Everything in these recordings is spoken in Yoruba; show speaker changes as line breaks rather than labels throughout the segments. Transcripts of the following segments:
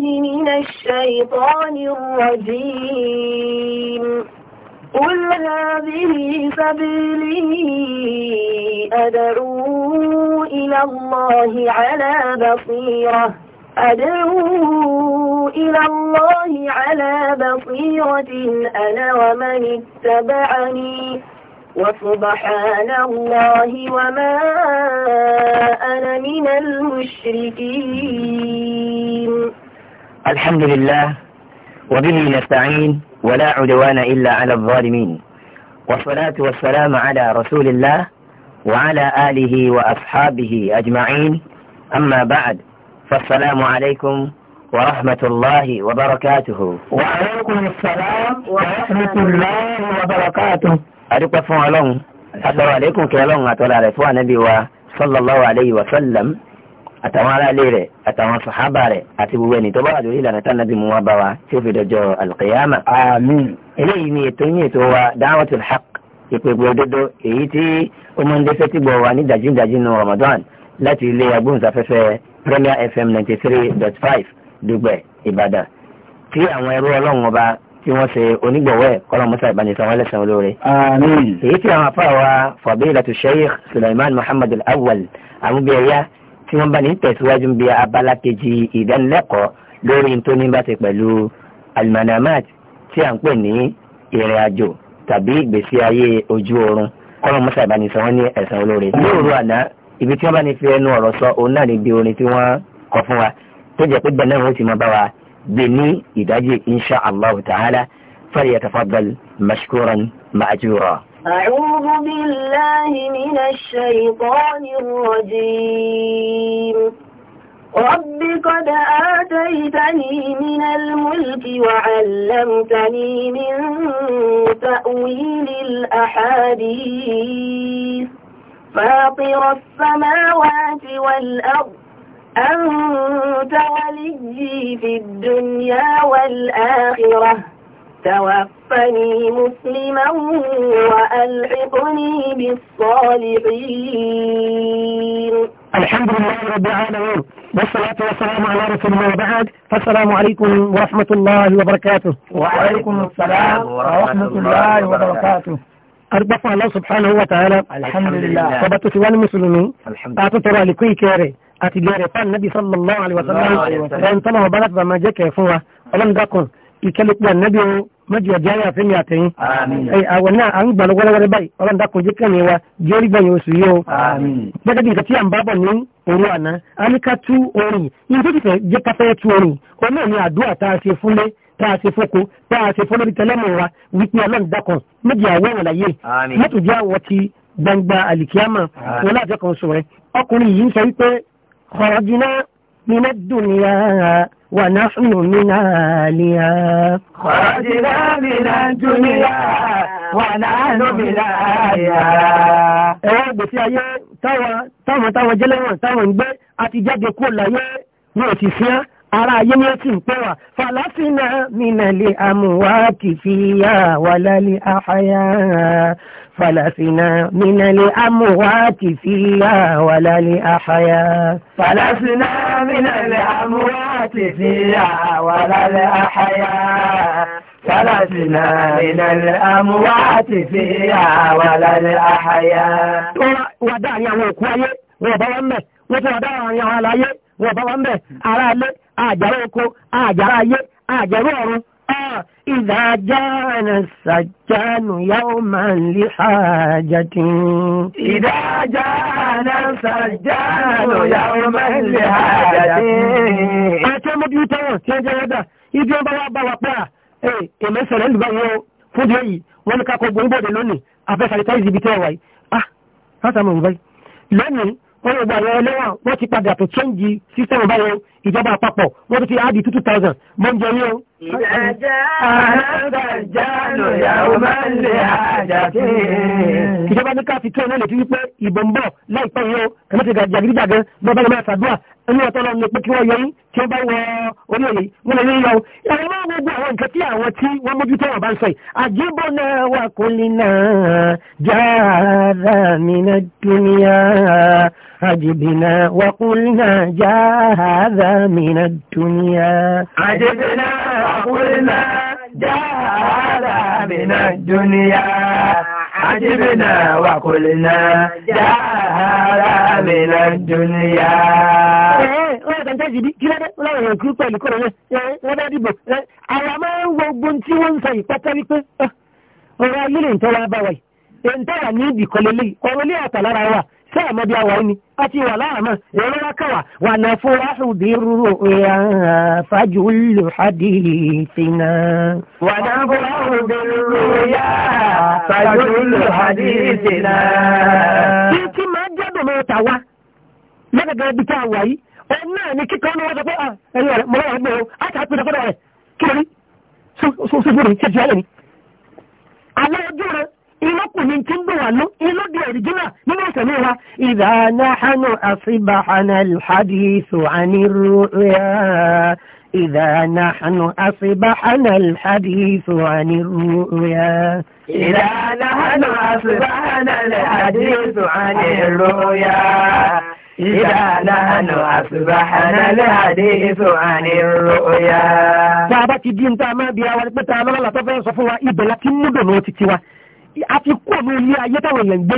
من الشيطان الرجيم قل هذه سبيلي أدعو إلى الله على بصيرة أدعو إلى الله على بصيرة أنا ومن اتبعني وسبحان الله وما أنا من المشركين
الحمد لله وبه نستعين ولا عدوان إلا على الظالمين والصلاة والسلام على رسول الله وعلى آله وأصحابه أجمعين أما بعد فالسلام عليكم ورحمة الله وبركاته
وعليكم السلام ورحمة الله وبركاته
أدوك فون ألون السلام عليكم كالون أتولى رفوان نبي صلى الله عليه وسلم àtàwọn aráalé rẹ̀ àtàwọn sàhábà rẹ̀ àti gbogbo ẹni tó bá wà lórí ìlànà tánà bí mu wá bá wa tí ó fi dọjọ́ alùkìyàmà. àmín. eléyìí ni ètò yín ètò wa da'watul haqq ìpègbè òdodo èyí tí ó máa ń fẹ́tí gbọ̀ wá ní dàjúdàjú nu Ramadan láti ilé agbóhùnsáfẹ́fẹ́ Premier FM ninety three dot five Dùgbẹ̀ Ìbàdàn tí àwọn ẹrú ọlọ́run ọba tí wọ́n ṣe onígbọ̀wọ́ ẹ̀ kọ́lọ́mùsà ìbánisọ̀ wọn lẹ́sàn-án olóore. àmín. èyí tí àwọn afáwa fadilatu Sheikh Sulaiman Muhammad Al-Awwal tí wọ́n bá ní tẹ̀síwájú bí abala kejì ìdánilẹ́kọ̀ọ́ lórí tó ní bá ṣe pẹ̀lú almanamat tí à ń pè ní ìrìn àjò tàbí ìgbésí ayé ojú oorun kọ́lọ́ mọ́sá ìbánisọ̀ wọn ní ẹ̀sán olóore. lóòrò àná ibi tí wọ́n bá ní fi ẹnu ọ̀rọ̀ sọ òun náà ní bí orin tí wọ́n kọ fún wa tó jẹ́ pé bẹ́ẹ̀ náà wọ́n ti máa bá wa gbé ní ìdájí insha allah ta'ala falyatafaddal mashkuran ma'jura.
أعوذ بالله من الشيطان الرجيم رب قد آتيتني من الملك وعلمتني من تأويل الأحاديث
فاطر
السماوات والأرض أنت ولي في الدنيا والآخرة توفى توفني مسلما وألحقني بالصالحين الحمد لله رب العالمين والصلاة والسلام على رسول الله بعد
فالسلام عليكم ورحمة الله وبركاته وعليكم السلام ورحمة الله وبركاته أربع الله سبحانه وتعالى الحمد لله فبطو في المسلمين أعطوا ترى لكي كاري أتجاري فالنبي صلى الله عليه وسلم وانطلعوا بلد وما جاك يفوه ولم دكن ìkẹlẹ̀pẹ̀ ànábì o mẹ́jọ jẹ́ àyà fẹ́mi àtẹ̀yìn. àwọn náà à ń gbà lọ́wọ́lọ́wọ́ báyìí ọlọ́run dákun jẹ́ kẹ́mi wa jẹ́ orí gbẹ̀yìn oṣù yìí o. gẹ́gẹ́ bí nǹkan tí à ń bá bọ̀ ní òru àná a ní ká tú orin yìí tó ti fẹ́ jẹ́ ká fẹ́ tú orin òun náà ni àdúrà tá a ṣe fúnlé tá a ṣe fóko tá a ṣe fúnlórí tẹlẹ́mù wa wípé ọlọ́run dákun méjì àwọ̀ ti ونحن
من عاليا خرجنا من الدنيا
ونحن من عاليا ẹ̀wọ́n gbèsè ayé táwọn táwọn jẹ́lẹ́wọ̀n táwọn ń gbé àti jáde kúrò láyé ní òtìsíá ara ayé ni ó ti ń pẹ́ wà fàlàfínà mínàlè àmúwáàtì
fìyà wàlálẹ̀
àhàyà fàlàfínà mínàlè àmúwáàtì fìyà
wàlálẹ̀ àhàyà. fàlàfínà
mínàlè àmúwáàtì fìyà wàlálẹ̀ àhàyà. فلسنا من الأموات فيها ولا الأحياء ودعني يا وكوي
وبوامه وفي ودعني على يد وبوامه على لد àjàrà oko àjàrà ayé àjàrà ọ̀run إذا جاءنا السجان يوما لحاجة إذا جاءنا السجان يوما لحاجة Àti ọmọ bí ó tẹ́wọ̀n tí ó jẹ́ ẹ̀dà, ibi ọba wa bá wà pẹ́ à, èmẹ́ sọ̀rọ̀ ìlú bá wọ́n fún jẹ́ yìí, wọ́n ní kákọ̀ gbogbo ìbọ̀dẹ̀ lónìí, afẹ́sàrí táìsì ibi tẹ́wàá yìí. Ah, látàmù ìbáyìí. Lónìí, wọ́n lè gba àwọn ẹlẹ́wọ̀n wọ́n ti padà tó chẹ́ǹgì sísẹ́mù báyọ̀ ìjọba àpapọ̀ wọ́n ti áàdì two thousand mọ́ ń jẹ ní o. ìdájá àgbàjánù yàwó máa ìjọba ní ká fi tó ẹ̀ náà lè fi wípé ìbọn bọ̀ láìpẹ́ yìí o ẹ̀mọ́ ti gàdìjàgídí gbàgán lọ́ba máa ṣàdúrà oní ọ̀tọ́lọ́ ní pé kí wọ́n yọrí tí ó bá wọ orí èyí wọ́n lè yíyọ ẹ̀rọ máa ń gbogbo àwọn nǹkan tí àwọn tí wọ́n mójútó wọn bá ń sọ yìí àjẹbọ náà wà kó
lè náà já mi náà dúnìyà
àjẹbì náà wà kó lè náà já mi náà dúnìyà.
àjẹbì náà wà kó lè náà já mi náà dúnìyà. أجبنا وقلنا يا هذا
الدنيا eh, eh,
eh, ah, ọ̀rọ̀ ayé lè ń tọ́ra bá wa yìí èyí ń tọ́ra ní ibì kọ́lé ọ̀rọ̀ lé àtàlára wa sáàmọ́bí àwọ̀ ẹni àti ìwà láàmà ìrora kẹwà wà náà fún wáṣùdì rúrò fájú lò hádì ìfìnà. wà náà fún wáṣùdì rúrò yá fájú lò hádì ìfìnà. kí kí máa jáde mọ́ ta wá lọ́gàgà ibi tí a wà yìí òun náà ni kíkọ́ ní wọ́n sọ pé ah, ẹni rẹ̀ mọ́ wà gbé o á ta pé rẹ̀ kí ni. àwọn إذا نحن أصبحنا الحديث عن الرؤيا اذا نحن اصبحنا الحديث عن الرؤيا اذا
نحن اصبحنا الحديث عن الرؤيا اذا نحن اصبحنا الحديث عن
الرؤيا تابك دينتا ما بيا ولا بتعمل لا تفهم صفوا ابلكن دونوتيوا àti kú òun ilé ayé táwọn èèyàn gbé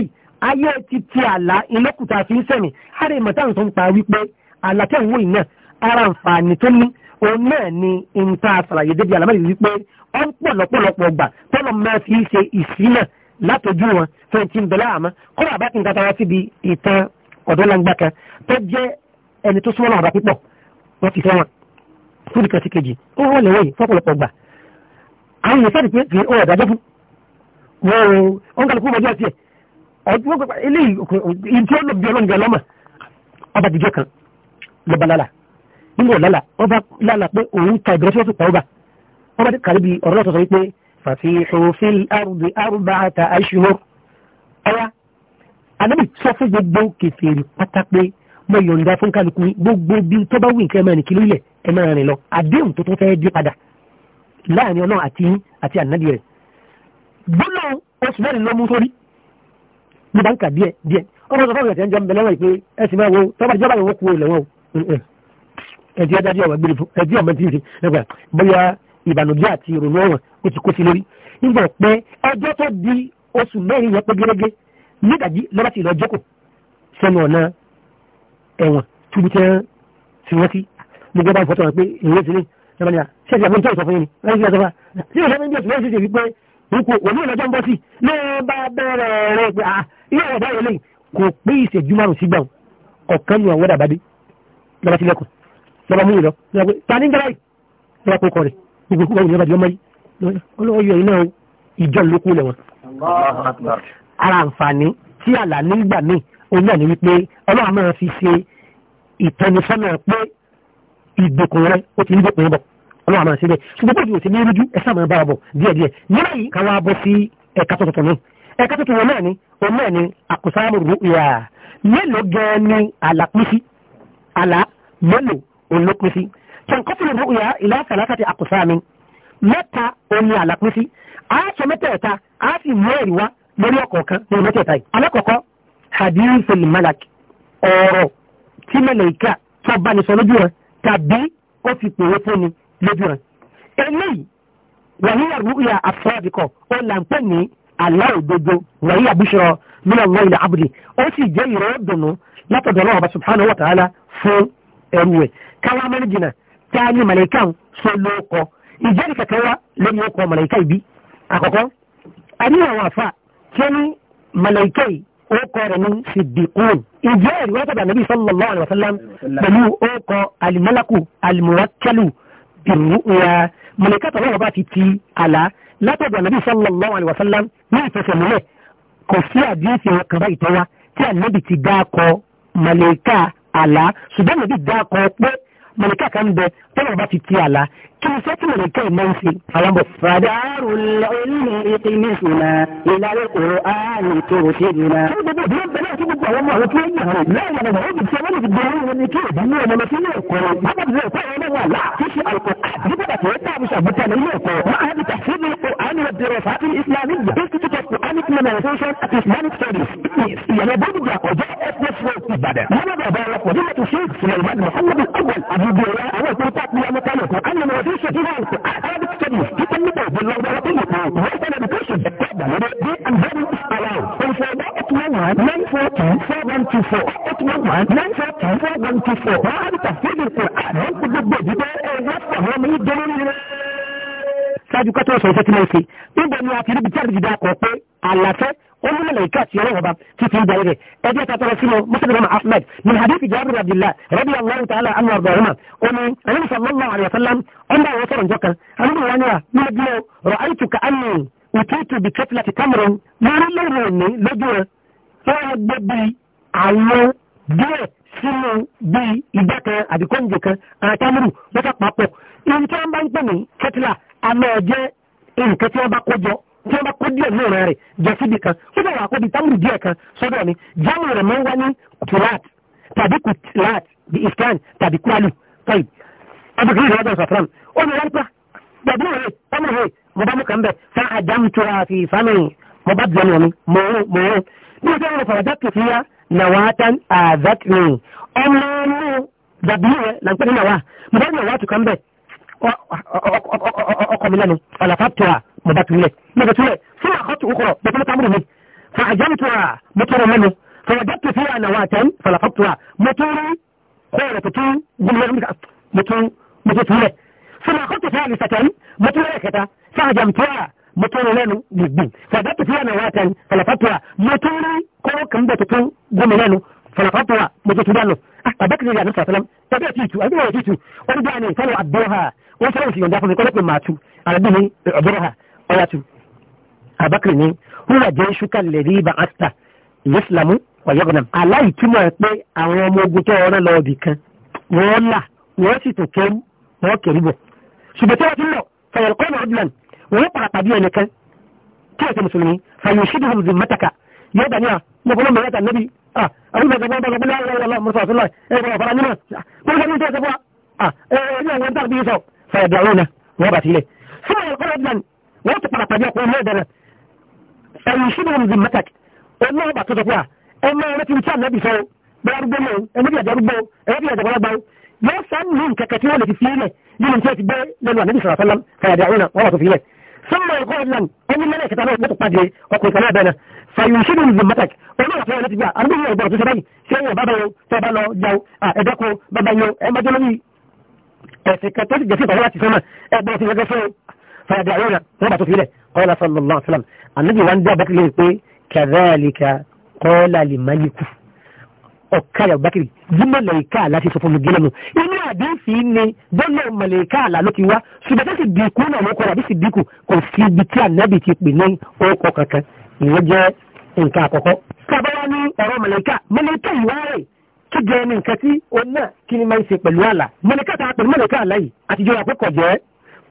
ayé ti ti àlá ìlọ́kùtà fi ń sẹ̀mí àrẹ ìmọ̀tá nǹkan pa wípé àlá tẹ̀ ń wò iná ara nfààní tó ní òun náà ni nta àṣàlàyé débi àlámọ́ yìí wípé ó ń pọ̀ lọ́pọ̀lọpọ̀ gbà tọ́lọ́ máa fi ṣe ìsílẹ̀ látọjú wọn fẹ́ẹ̀ tí ń bẹ̀lẹ́ àmọ́ kọ́ bàbá kí n kàtà wá síbi ìtàn ọ̀dọ́langba kan tó jẹ́ ẹni tó súnmọ́ àbá púpọ̀ wọ́n ti fẹ́ wọn fún ìkàtí kejì ó wọ́n lẹ́wọ́ fọ́pọ̀lọpọ̀ gbà àwọn èèyàn sáà wọ́n wọ́n kàlùkù mọ́jú àti ẹ̀ ọdún pẹ̀pẹ̀ ilé ìtí ọ̀nà bí ọlọ́ngà lọ́mà ọba dìjọ́ kan lọ́ba lálà nígbà lálà ọba lálà pé òun ta ìbẹ̀rẹ̀ tí wọ́n fi pa ọba ọba dì kàrí bí ọ̀rọ̀ náà sọ wípé fàfihù fil ardi arba'ata ashhur ọya anábì sọ fún gbogbo kẹfìrì pátá pé mo yọ̀ǹda fún kálukú gbogbo bí tó bá wù nǹkan ẹ̀ máa nìkí lórílẹ̀ ẹ̀ máa rìn lọ àdéhùn gbọ́nà oṣù mẹ́rin ló mú sórí ní báńkà díẹ̀ díẹ̀ ọmọ sọ fáwọn ìjọ ń bẹ lọ́wọ́ ìpé ẹ̀sìn mẹ́wọ́ tọ́ba ìjọba ìwọ́ kú olè wọn o ẹ̀dí ẹ̀dá díẹ̀ wọ́n gbére fún ẹ̀dí ọ̀mọ tí ń ṣe nígbà bóyá ìbànújẹ́ àti ìrònú ọ̀wọ̀n ó ti kó sí lórí nígbà pé ọjọ́ tó di oṣù mẹ́rin yẹn pé gẹ́gẹ́ nígbàjí lọ́ba ti lọ jókòó sẹ́nu ọ̀nà ẹ̀wọ̀n túbú tẹ́ fi wọ́n sí gbogbo bá ń fọ́tọ̀ wọn pé ìwé sílẹ̀ ṣẹ́ni àfẹ́ńtọ́ ìsọfún yẹn ni láti ṣe àtọ́fà sí ìṣẹ́ rúkú wọ̀lú ìlọ́jọ́ ń bọ́ sí lọ́ọ́ bá bẹ̀rẹ̀ rẹ̀ pé à ilé ọ̀dà yẹn lẹ́yìn kò pé ìṣẹ́jú márùn sígbà ọ̀kan nu àwọn dàbádé lọ́ba ti lẹ́kọ̀ọ́ lọ́ba mú ìlọ ta ní gbára yìí lọ́ba kó kọ́ rẹ̀ gbogbo kúkọ́ ìlọ́ba ti lọ́mọ yìí ọlọ́wọ́ yọ iná ìjọ lókù lẹ̀ wọn. ara àǹfààní tí àlà nígbà míì òun náà wípé ọlọ́run náà fi ṣe ìtọ́nisọ́nà pé ìdòkùn rẹ̀ ó ti ń dòkùn bọ̀ ọlọ́wà máa ṣe bẹ́ẹ̀ ṣùgbọ́n pọ̀jù òsì ní irújú ẹ sáà máa bára bọ̀ díẹ̀díẹ̀ nílẹ̀ ká wá bọ́ sí ẹ̀ka tuntun náà ẹ̀ka tuntun wọn náà ni òun náà ni àkùsáàmù rúùyà mélòó gan ni àlàpínsí àlà mélòó olópínsí tẹ̀ǹkọ́tìlì rúùyà ìlà sàlákàtì àkùsáàmù mẹ́ta òun ni àlàpínsí àásọ mẹ́tẹ̀ẹ̀ta àásì mú ẹ̀rí lórí ọ̀kọ̀ọ̀kan lórí mẹ́tẹ̀ẹ̀ta yìí malak ọ̀rọ̀ tí mẹ́lẹ̀ ìka tó bá ní sọ lójú lójú rẹ̀ eléyìí wàhíyà rúkìá àfẹ́dìkọ̀ ó là ń pè ní aláòdodo wàhíyà bíṣọ nínú ọgbọ́n ilẹ̀ abudi ó sì jẹ́ ìrọ̀ dùnú látọ̀dọ̀ náà ọba subhanahu wa ta'ala fún ẹnu ẹ̀ káwá mẹ́rin jìnnà tá a ní màlẹ́kà ń sọ lóko ìjẹ́ ní kẹ̀kẹ́ wá lórí ọkọ màlẹ́kà ìbí àkọ́kọ́ a ní àwọn àfa tí ní màlẹ́kà yìí orúkọ rẹ̀ ní Siddiqun. Ìjẹ́ ìrìwọ́tọ̀dà Nàbí sallallahu بالرؤيا ملكات الله باتي تي على لا تبقى النبي صلى الله عليه وسلم ما تسمونه كفية ديسي وكبائي توا تي النبي تداكو ملكا على سبحان النبي داكو mọ̀lẹ́kà kan bẹ tọ́lọ̀ bá ti ti àlá kí ni sọ́tì mọ̀lẹ́kà ìmọ̀ ń ṣe àwọn bọ̀. fàdárù
ilmi ìpínlẹ̀sìnà ìlàrí kòrò ààrùn tó rò sí ìdúná. gbogbo ìdílé bẹ̀rẹ̀ àti gbogbo àwọn ọmọ àwọn tó ń yàrá lẹ́yìn àwọn ọmọ òbí tí wọ́n ti gbé
wọn ní kí èdè ní ọmọ sí ilé ẹ̀kọ́ bàbá ìlú ẹ̀kọ́ yẹn wà lá kí ṣe àlùkò nígbà bàtà ẹ̀ tààbù ṣàbùtà ní ilé ẹ̀kọ́ máa ń bìtà sí ilé ẹ̀kọ́ àánú ẹ̀dẹ̀rẹ̀ fàtí islamic institute of islamic learning and social and islamic studies الحديث يعني ببدا وجاء نفسه في بدر هنا بدر وجمة الشيخ سليمان محمد الاول ابو بلال اول تلقات بها four one four at four one four wọn á ní tàfíìl القران wọn kò gbogbo ìdíbẹ ẹ wọ́pọ̀ àwọn ọmọ yìí dẹ́rẹ́ nílẹ̀ ṣáájú kátó ọ̀sán ìfẹ́ tí mo ṣe níbo ni a ti rí bí jáde jìdá kọ̀ pé àlàfẹ́ من الملكات يا رغبة في في ذلك أجل تترسل مسلم أحمد من حديث جابر بن عبد الله رضي الله تعالى عنه وارضاهما ومن النبي صلى الله عليه وسلم أما وصل جوكا أنا أنا ما رأيت كأني أتيت بكتلة تمر ما لم يرني لجوة فأبدي على díẹ̀ sínú bí ìgbà kan àbí kóńjò kan àtàmúrù wọ́n fẹ́ papọ̀. Ìyẹn tí wọ́n bá ń pè ní kẹtìlá àmọ́ ọ̀jẹ́ nǹkan tí wọ́n bá kó jọ tí wọ́n bá kó díẹ̀ náà rẹ̀ jẹ́ síbi kan ó bá wà kóbi támù díẹ̀ kan sọ́dọ̀ mi jámù rẹ̀ máa ń wá ní kulat tàbí kulat bí ifkan tàbí kwalu tọ́yì abdulkiri rẹ̀ wájú safran ó ní wáńpá gbàgbé rẹ̀ támù rẹ̀ mo bá mú kàn bẹ̀ fa àjámù tó ra fi fámi mo bá jẹun mi mo rún mo rún bí o sọ̀rọ̀ fàwọ́jà tó fi ya nàwátán àzátìní ọmọ inú gbàgbé rẹ̀ làǹpẹ́ nínú àwa mo bá nínú àwa tó kàn bẹ̀ ọkọ̀ mi lẹ́nu ọ̀làfà tó مباتولة مباتولة ثم أخذت أخرى بطلت أمرني فعجمتها مطر منه فوجدت فيها نواة فلقطتها مطر خير تطول جملة مطر مطر ثم أخذت ثالثة مطر فهجمتها mutum nanu gibbi fa da tafiya na watan falafatuwa mutum ko kan da tutun gumi nanu falafatuwa mutum tudanu a bakri da nufa salam ta da titu a gina titu wani da ne kano abduha wani sarauci yanda kuma kwalafin matu a rabbi ne ayatu abakiri ni wúwà jẹ́ ṣúkà lẹ́rí ibà áṣà ìyẹ́sìlámù wàyẹ́bùnà. aláìtúmọ̀ pé àwọn ọmọ ogun tó ọ̀rẹ́ lọ ibì kan wọ́n là wọ́n sì tó kẹ́rù wọ́n kẹ́rù bọ̀. ṣùgbọ́n tí wọ́n ti lọ fẹ̀yẹ̀rẹ̀ kọ́ ọ̀rọ̀ bílan wọ́n para tàbí ẹni kan tí ẹ̀sẹ̀ mùsùlùmí fàyè ṣídì hàn zì mẹ́tàkà yóò dání à lọ́kọ́ lọ́mọ yàtà níbi àwọn ìgbàgbọ́ wọ́n ti padà pàdé ọkùnrin náà dẹ̀rẹ̀ ẹ̀yìn ìṣúná wọn di mẹ́tàk ọmọ ọba tó tọ́kọ́ à ọmọ ẹ̀rẹ́ ti ń tí ànábì sọ bẹ́ẹ̀ arúgbó mọ́ ẹni bí ẹ̀jẹ̀ arúgbó ẹ̀rẹ́ bí ẹ̀jẹ̀ gbọ́lágbá yóò sàn ní nkẹ̀kẹ́ tí wọ́n lè fi fi ilẹ̀ nínú tí ó ti gbé lẹ́nu ànábì sọ̀rọ̀ sọ́lá fàyàdà àwọn wọn فيدعون ربط في له قال صلى الله عليه وسلم النبي وان ده بكر يقول كذلك قال لملك ọ̀kadà bákìrì bí mọ̀lẹ́kà láti sọ fún mi gẹ́lẹ́nu inú àdéhùn ni dọ́là mọ̀lẹ́kà àlà ló ti wá ṣùgbọ́n tó sì dínkù náà lóko àbí sì dínkù kò sí ibi tí ànábì ti pè ní orúkọ kankan ìyẹn jẹ́ nǹkan àkọ́kọ́. sábàá ní ọ̀rọ̀ mọ̀lẹ́kà mọ̀lẹ́kà ìwá rẹ̀ kí jẹ́ ní nǹkan tí òun náà kí ni máa ń ṣe pẹ̀lú àlà mọ̀lẹ́kà tá a pẹ̀lú mọ̀lẹ́kà àlà yìí àtijọ́ àkókò jẹ́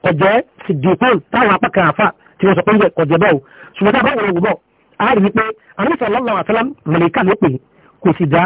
kọjẹ́ sìdìkún táwọn apá kan àfà tí wọ́n sọ pé ń jẹ kọjẹ́ bọ́ ṣùgbọ́n táwọn ọ̀rọ̀ wò bọ̀ a rí i pé àmì sọ̀rọ̀ lọ́wọ́ ló pè kò sì dá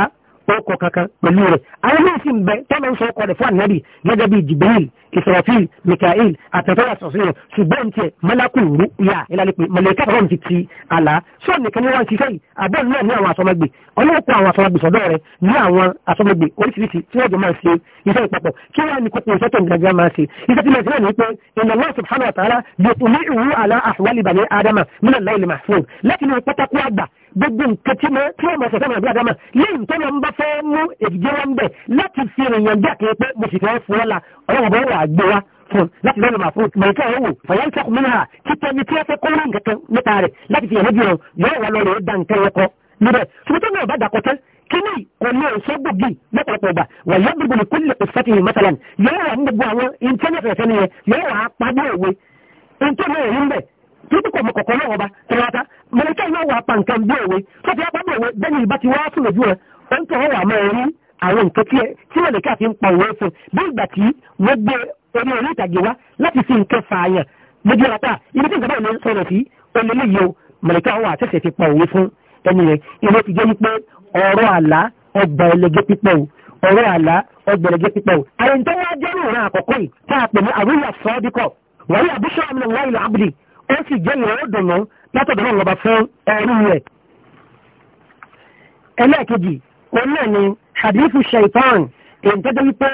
ọkọ̀ kankan pẹ̀lú rẹ̀ àwọn ilé ìsìn bẹ tọ́lọ ń sọ ọkọ̀ rẹ̀ fún ànábì gẹ́gẹ́ bí jibril israfil mikael àtẹ̀tọ́lá sọ̀sílẹ̀ ṣùgbọ́n tiẹ̀ mẹ́lákù rúyà ìlàlẹ́pẹ̀ mọ̀lẹ́kà ọ̀rọ̀ ti ti àlá sọ́ọ̀ nìkan ni wọ́n ń ṣiṣẹ́ yìí àbọ̀ náà ní àwọn asọ́mẹ́gbè ọlọ́pọ̀ àwọn asọ́mẹ́gbè sọ́dọ̀ rẹ̀ ní àwọn asọ́mẹ́gbè oríṣiríṣi tí wọ́n jọ máa ṣe iṣẹ́ ìpapọ̀ kí wọ́n ní kókó iṣẹ́ tó ń gàgà máa ṣe iṣẹ́ tí mẹ́sìlẹ̀ ní pé inna Allah subhanahu wa ta'ala yóò tún ní ìwú àlá ahwali bani adama mílẹ̀ láìlè mahfud láti ní pátákó àgbà gbogbo nǹkan tí mo tí mo mọ̀ sọ̀tọ́ àbí àdámà lẹ́yìn tó lọ ń bá fẹ́ mú èdìgé wa ń bẹ̀ láti fi èèyàn bí àkèrè pé mo sì fẹ́ fún ọ́la ọlọ́run bọ́ wà gbé wa fún láti lọ́nà màá fún màá kẹ́ ọ̀wọ̀ fàyà ń sọ̀kùn mìíràn títẹ́ ní tí wọ́n fẹ́ kọ́ wá nǹkan nípa rẹ̀ láti fi èèyàn bí wọn yóò wà lọ́rọ̀ da nǹkan yẹn kọ níbẹ̀ ṣùgbọ́n náà bá dàkọ̀tẹ́ kíní kò ní ọ̀ṣọ́ lọ́pọ̀lọpọ̀ ọgbà wà yọ gbogbo nìkú lè pèsè fẹ́tìlì mọ́tàlá yóò wà ní gbogbo àwọn ìntẹ́nẹ̀tì ẹ̀fẹ́ nìyẹn yóò wà á padà òwe ìntẹ́nẹ̀tì ẹ̀rí ń títí kò mọ kọ̀kọ́ náà ọba tẹ̀wáta mọ̀lẹ́kẹ́ náà wà pa nǹkan bí òwe tó fi apá òwe bẹ́ẹ̀ni ìbá ti wá fún lójú rẹ̀ ó ń tọ́ wà máa rí àwọn nǹkan tí mọ̀lẹ́kẹ́ àfi ń pa òwe fún bí ìgbà tí wọ́n gbé orí orí ìtàgé wá láti fi nǹkan fààyàn lójú ọ̀rọ̀ pa ibi tí nǹkan báyìí ń sọ̀rọ̀ sí olóléyìí o mọ̀lẹ́kẹ́ wà àtẹ̀sẹ̀ ti pa òwe fún ẹni rẹ̀ ìwé ti jẹ́ wípé ọ̀rọ̀ àlá ọgbà ẹlẹgẹ́ pípẹ́ o ọ̀rọ̀ àlá ọgbà ẹlẹgẹ́ pípẹ́ o àyè ń tẹ́wọ́ ajẹ́rù ìran àkọ́kọ́ yìí tá a pè ní àríyá sọ́ọ́díkọ̀ wàhálà bíṣọ́ àmì ọ̀la ìlà àbùdí ó sì jẹ́ ìrọ̀ dùnú látọ̀dọ̀ náà lọ́ba fún ẹrú rẹ̀. ẹlẹ́ẹ̀kejì òun náà ni hadithu shaitan èyí tó dé wípé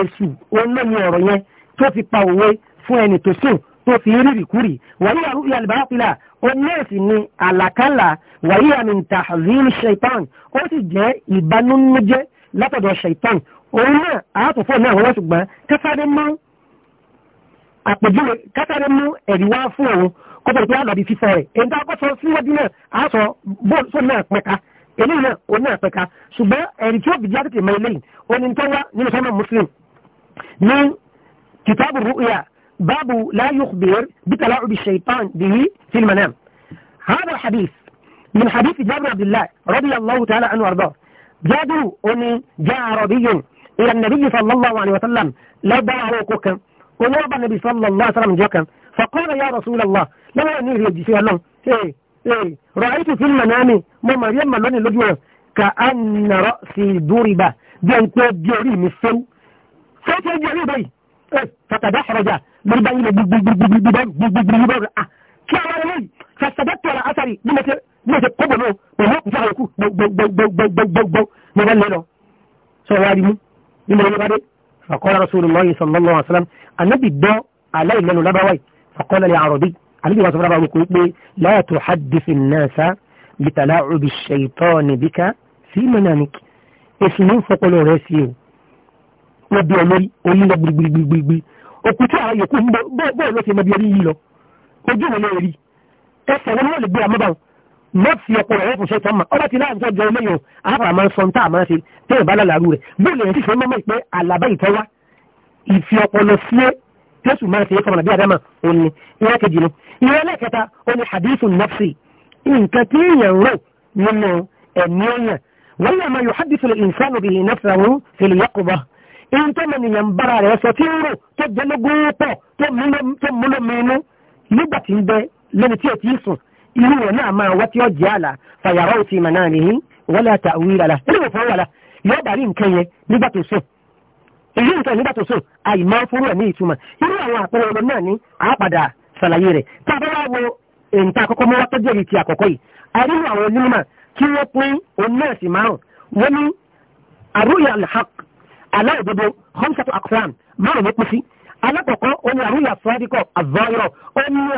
èṣù òun náà ni ọ̀rọ̀ yẹn tó fi pa òwe fún ẹni tó sùn tó fi rírì kúrì wàyí àrùn àlùbáfílà òun náà sì ni àlàkálà wàyí àmì tahzir shaitan ó sì jẹ́ ìbánújẹ́ látọ̀dọ̀ shaitan òun náà àátòfò náà wọ́n ṣùgbọ́n kẹfà àpèjúwe kátàrí mú ẹ̀rí wá fún òun kó tó ìpínlẹ̀ àlọ́bí fífọ́ rẹ̀ èyí tó akọ́sọ síwájú náà á sọ bóòlù náà pẹ̀ka èyí náà òun náà pẹ̀ka ṣùgbọ́n ẹ̀rí tí ó bìí jáde tèmọ́ eléyìí oní tó wá nínú sọ́nà muslim ní kìtàbù rúùyà báàbù la yukhbir bítàlá òbí shaytan bihi fil manam hada hadith min hadith jabir ونرضى النبي صلى الله عليه وسلم جوكا فقال يا رسول الله لما أنير يجي فيها لهم إيه إيه رأيت في المنام ما مريم من لجوة كأن رأسي ضرب بأن تجري من السو فتجري بي فتدحرج بالبين كيف فاستبدت على أثري بما تقبله وهو فعلك بو بو بو بو بو بو بو بو بو بو بو بو بو بو بو فقال رسول الله صلى الله عليه وسلم النبي الدو علي لنو لبوي فقال لي عربي النبي وصف لبوي يقول لا تحدث الناس بتلاعب الشيطان بك في منامك اسمه فقل رسيو نبي أمري أولي نبري بري بري بري بري òkútí àwọn yòókù bọ́ọ̀lù ti mọbi orí yìí lọ ojú wọn lè rí ẹsẹ̀ wọn lè gbé àmọ́bà má fi ọkọ rẹ̀ fún ṣẹ́tọ́ mà ọba ti láàrín tọ́jọ́ eléyìí àbàrà máa ń sọ níta àmọ́ ṣe tẹ́yìn bá lálàrú rẹ̀ bóòlù ẹ̀ sì ṣe mọ́mọ́ ìpẹ́ àlàbá ìtọ́wá ìfi ọpọlọ sí é tẹ́sù máa ṣe é fọmọ nàbí adama òní ìwé kejì ni ìwé ẹlẹ́kẹta ó ní hadithu nafsi nǹkan tí èèyàn rò nínú ẹ̀mí èèyàn wọ́n yà máa yọ hadithu lè ìsánù bí nafsa wọn fèlè yọkùbọ̀ irú rẹ̀ náà máa wá tí ó jẹ́ àlà fàyàrá òtí ìmọ̀ náà nìyí wọ́n lè ta òwúrọ̀ àlà nínú òfin wàlà yóò bá rí nǹkan yẹn nígbà tó sùn èyí nǹkan nígbà tó sùn àìmọ́ fúrú ẹ̀ ní ìtumọ̀ irú àwọn àpẹẹrẹ ọmọ náà ní àápàdà ṣàlàyé rẹ̀ tá a bá wá wo nǹkan àkọ́kọ́ mọ́ wọ́tọ́ jẹ́rìí ti àkọ́kọ́ yìí àìrínú àwọn onímọ̀ kí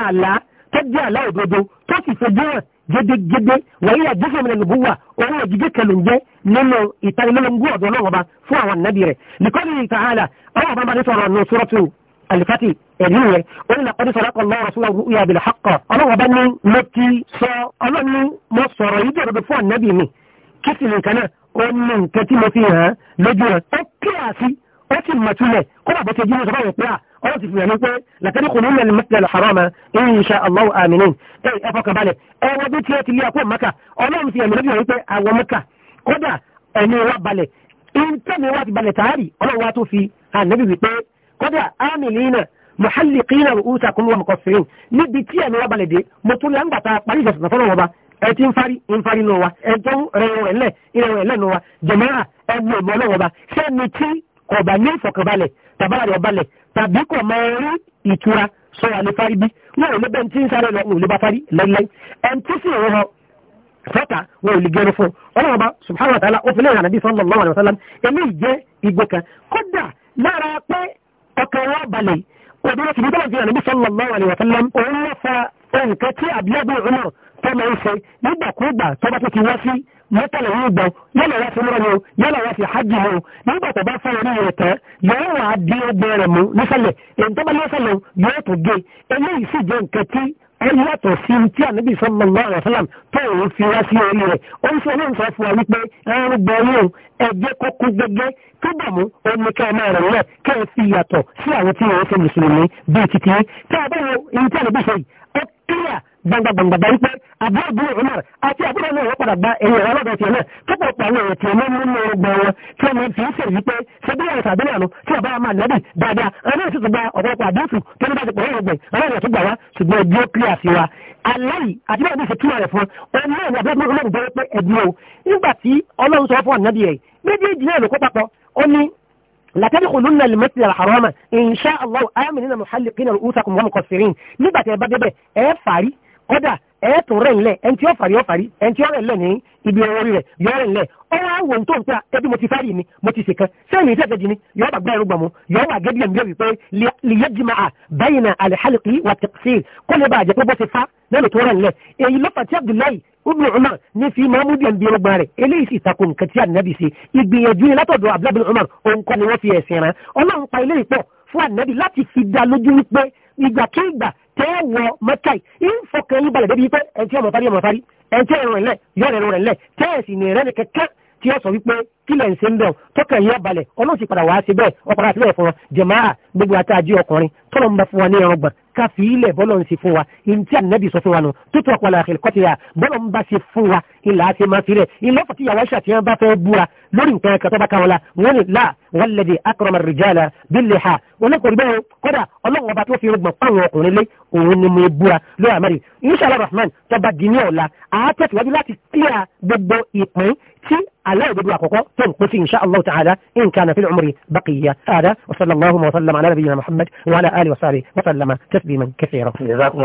wọ́n pín tó jẹ́ àlá òdodo tó sì fojú hàn gédégédé wàyí àjẹsọ mi lẹnu búwa òun ò jíjẹ kẹlò ń jẹ nínú ìtanilólógún ọ̀dọ̀ Ọlọ́run ọba fún àwọn ànábì rẹ̀ lìkọ́ni ìtàhálà ọlọ́run ọba máa ní sọ̀rọ̀ nù sọ́rọ́tù alifati ẹ̀rí rẹ̀ ó ní làkọ́dé sọ̀rọ̀ kan lọ́wọ́ sọ́wọ́ rú ìyá abìlẹ̀ hakọ̀ ọlọ́run ọba ní mo ti sọ ọlọ́run ní mo sọ̀rọ̀ yìí jẹ́ òdodo ọ̀rọ̀ ti fi hàn ní pé làkàdé kò nílẹ̀ ní mẹ́tẹ̀lẹ̀ harama insha Allah aminin ẹ ẹ fọkàn balẹ̀ ẹ wọ́n bí tiẹ̀ ti lé àpò mẹ́kà ọlọ́run ti hàn lójú wípé àwọn mẹ́kà kódà ẹni wa balẹ̀ ìtẹ́ni wa ti balẹ̀ tààrí ọlọ́run wa tó fi hàn níbi wípé kódà amilina muhalliqina ru'usakum wa muqassirin níbi tí ẹni wa balẹ̀ dé mo tún lè ń gbàtà parí ìjọsìn fọlọ́ wọn ba nù wa ẹ tó ẹlẹ ìrẹwọ ẹlẹ nù wa jẹmọ́ra ẹ gbọ́ ọ̀bọ̀ ọlọ́wọ́ ba sẹ́ni tí ọ̀bà ní ìfọ̀kànbalẹ̀ tàbára rẹ̀ ọ̀balẹ̀ tàbí kò máa rí ìtura sọ wà ní fárí bí wọn ò lè bẹ́ẹ̀ tí ń sáré lọ wọn ò lè bá fárí lẹ́yìn ẹn tí sì rọ fọ́tà wọn ò lè gẹrun fún ọlọ́run ọba subhanahu wa ta'ala ó fi lè hàn àbí sallallahu alaihi wasallam eléyìí jẹ́ igbó kan kódà lára pé ọkàn wọn balẹ̀ ọdún láti bíbá ìfihàn àbí sallallahu alaihi wasallam òun lọ fa nǹkan tí àbíyá ọmọ tọmọ ń nígbàkúgbà tọ́ba mọ́tàlá yóò gbọ́ yálà wá sí mọ́rọ́ ni o yálà wá sí hajj ni o nígbà tó bá fọwọ́ náà rẹ̀ tán yóò wà á dín ọgbọ́n rẹ̀ mú nísàlẹ̀ èyí tó bá lọ́sàlẹ̀ yóò tó gé eléyìí sì jẹ́ nǹkan tí yàtọ̀ sí tí ànábì sallallahu alaihi wasallam tó òun fi wá sí orí rẹ̀ kíríà gbangbangbangba wípé àbúrò àbúrò Umar àti àbúrò náà wọ́n padà gba ẹ̀yìn ẹ̀rọ ọlọ́dọ̀ tiẹ̀ náà tó pọ̀ pọ̀ àwọn èèyàn tiẹ̀ ló ń wọn tí wọ́n fi ń sè wípé ṣẹ́bí ẹ̀rọ sàbẹ̀lẹ̀ àná tí ọba máa nẹ́bì dáadáa àwọn èèyàn sì gba ọ̀pọ̀lọpọ̀ àdéhùn tó ní bá ti pọ̀ ẹ̀rọ gbẹ̀ àwọn èèyàn gbà wá ṣùgbọ́n ẹbí ó kíyà sí wa aláì àti bẹ́ẹ̀ bí ṣe túmọ̀ rẹ̀ fún ọ̀n náà ni àbúrò Umar bẹ̀rẹ̀ pé ẹ̀dùn o nígbà tí Ọlọ́run sọ fún ọ̀nàbí ẹ̀ méjèèjì náà ló kó papọ̀ ó ní لتدخلن المسجد الحرام ان شاء الله امنين محلقين رؤوسكم ومقصرين nígbà tẹ́ bá débẹ̀ ẹ fàárí kódà ẹ tún rẹ̀ ńlẹ̀ ẹni tí ó fàárí ó fàárí ẹni tí ó rẹ̀ ńlẹ̀ ní ibi orí rẹ̀ yọ rẹ̀ ńlẹ̀ ó wá wò ń tó ń pẹ́ ẹbí mo ti fárí ni mo ti ṣèkan sẹ́yìn ìṣẹ́ ìṣẹ́jì ni yọ bá gbá ẹrúgbọ̀n mu yọ bá gẹ́gẹ́ bí ẹ̀mí pé lìyẹ́jìmá à bẹ́yìn náà àlẹ́hálìkì wà tẹ̀sí kó lè bá àjẹpẹ́ bó ti fá lẹ́nu tó rẹ̀ ńlẹ̀ èyí lọ́pàá tí Abdullahi Ubi umar ní fi mahmud yan bí ọgbà rẹ̀ eléyìí sì takò nǹkan tí ànábì ṣe ìgbìyànjú yẹn látọ̀dọ̀ abdullahi bin umar òǹkọ ni wọ́n fi ẹ̀sìn ran ọlọ́run pa eléyìí pọ̀ fún ànábì láti fi dá lójú wípé ìgbàkigbà tẹ́ wọ mẹ́kàì ìfọkàn yín balẹ̀ débi pé ẹni tí ọmọ parí ọmọ parí ẹni tí ẹ̀rọ ẹ̀lẹ́ yọ ẹ̀rọ ẹ̀lẹ́ tẹ́ ẹ̀ sì ní ẹ̀rẹ́ ní kẹ́kẹ́ tí ó sọ wípé kí lẹ̀ ṣe ń bẹ̀ tọ́kàn yín ọbalẹ̀ ọlọ́run sì padà wá sí bẹ́ẹ̀ ọ̀padà tọ́lọ̀ ń bá fún wa ní ẹran gbọ̀n ká fi ilẹ̀ bọ́lọ̀ ń ṣe fún wa ìntí ànábì sọ fún wa nù tó tún àpàlà àkìlẹ̀ kọ́tì yà bọ́lọ̀ ń bá ṣe fún wa ilà àti máa fi rẹ̀ ilẹ̀ fọ̀tí yàwá ṣàtì wọn bá fẹ́ búra lórí nǹkan ẹ̀ka tó bá káwọn la wọn ni la walladhi akrama rijala billiha wọn ní kòrí bẹ́ẹ̀ kódà ọlọ́run ọba tó fi gbọ̀n pàwọn ọkùnrin lé òun ni mo di ní ọ̀la àátẹ̀síwájú láti kíyà gbogbo ìpín tí aláìdodo àkọ́kọ́ tó ń pín sí inshallah ta'ala in kana fil umri baqiya. hada wa وآله وصحبه وسلم تسليما كثيرا جزاكم